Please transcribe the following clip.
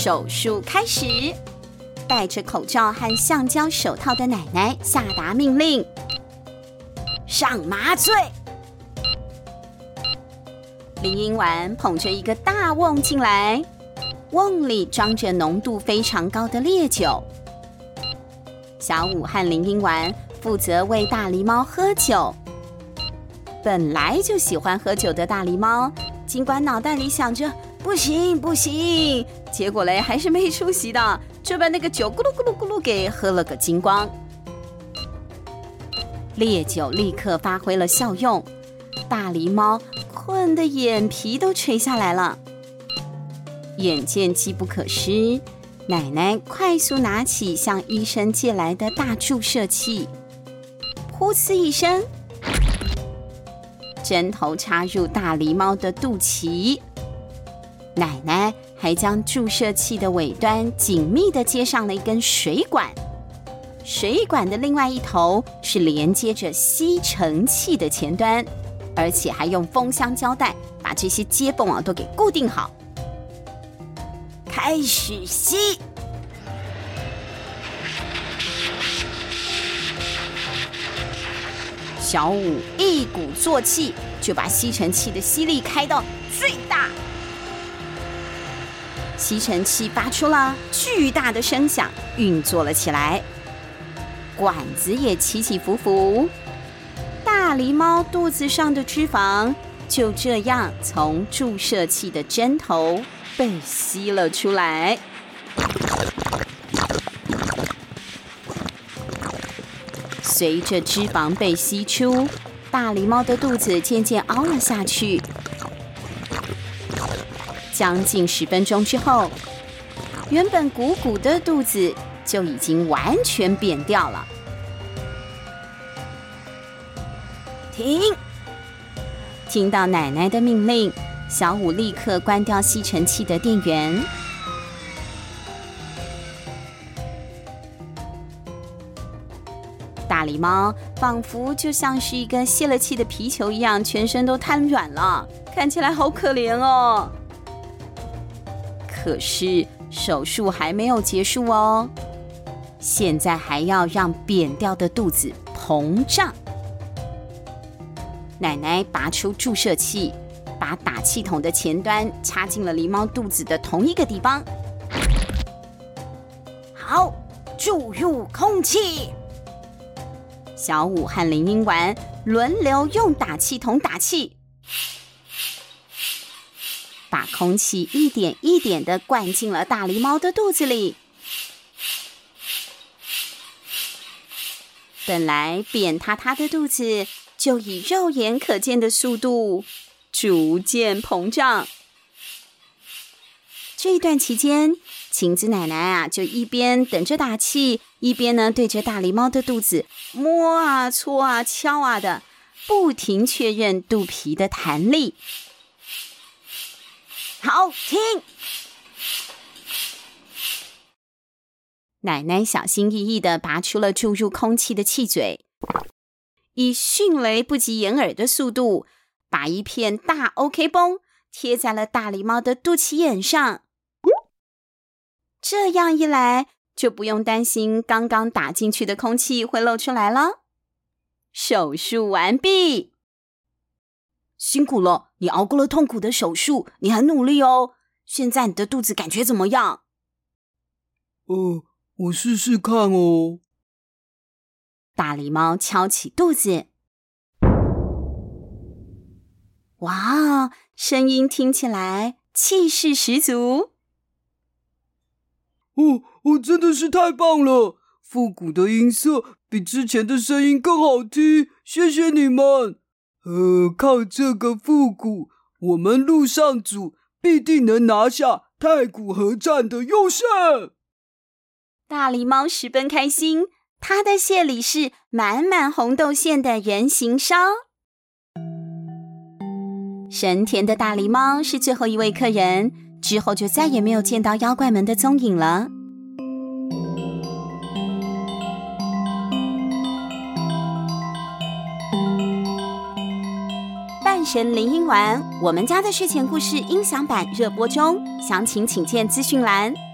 手術開始，戴着口罩和橡膠手套的奶奶下達命令：上麻醉。鈴音丸捧着一個大瓮進來，瓮裡裝着濃度非常高的烈酒。小武和鈴音丸負責餵大狸貓喝酒。本來就喜歡喝酒的大狸貓，儘管腦袋裡想着。不行不行，結果嘞，還是沒出息的，就把那個酒咕嚕咕嚕咕嚕給喝了個精光。烈酒立刻發揮了效用，大狸貓困得眼皮都垂下來了。眼見機不可失，奶奶快速拿起向醫生借來的大注射器，呼哧一聲，針頭插入大狸貓的肚臍。奶奶還將注射器的尾端緊密的接上了一根水管，水管的另外一頭是連接着吸塵器的前端，而且還用封箱膠帶把這些接縫啊都給固定好。開始吸，小五一鼓作氣就把吸塵器的吸力開到最大。吸塵器發出了巨大的聲響，運作了起來，管子也起起伏伏。大狸貓肚子上的脂肪就這樣從注射器的針頭被吸了出來。隨着脂肪被吸出，大狸貓的肚子漸漸凹了下去。將近十分鐘之後，原本鼓鼓的肚子就已經完全扁掉了。停！聽到奶奶的命令，小五立刻關掉吸塵器的電源。大狸貓仿佛就像是一個洩了氣的皮球一樣，全身都癱軟了，看起來好可憐哦。可是手術還沒有結束哦，現在還要讓扁掉的肚子膨脹。奶奶拔出注射器，把打氣筒的前端插進了狸貓肚子的同一個地方。好，注入空氣。小五和鈴音丸輪流用打氣筒打氣。把空氣一點一點的灌進了大狸貓的肚子裡，本來扁塌塌的肚子就以肉眼可見的速度逐漸膨脹。這一段期間，晴子奶奶啊，就一邊等着打氣，一邊呢對着大狸貓的肚子摸啊、搓啊、敲啊的，不停確認肚皮的彈力。好聽！奶奶小心翼翼地拔出了注入空氣的氣嘴，以迅雷不及掩耳的速度，把一片大 OK 繃貼在了大狸貓的肚臍眼上。這樣一來，就不用擔心剛剛打進去的空氣會漏出來了。手術完畢。辛苦了，你熬過了痛苦的手術，你很努力哦。現在你的肚子感覺怎麼樣？哦、呃，我試試看哦。大狸貓敲起肚子，哇，聲音聽起來氣勢十足。哦，我真的是太棒了，復古的音色比之前的聲音更好聽。謝謝你們。呃，靠這個復古，我們陸上組必定能拿下太古合戰的優勝。大狸貓十分開心，他的謝禮是滿滿紅豆餡的人形燒。神田的大狸貓是最後一位客人，之後就再也沒有見到妖怪們的蹤影了。半神鈴音丸，我們家的睡前故事音享版熱播中，詳情請見資訊欄。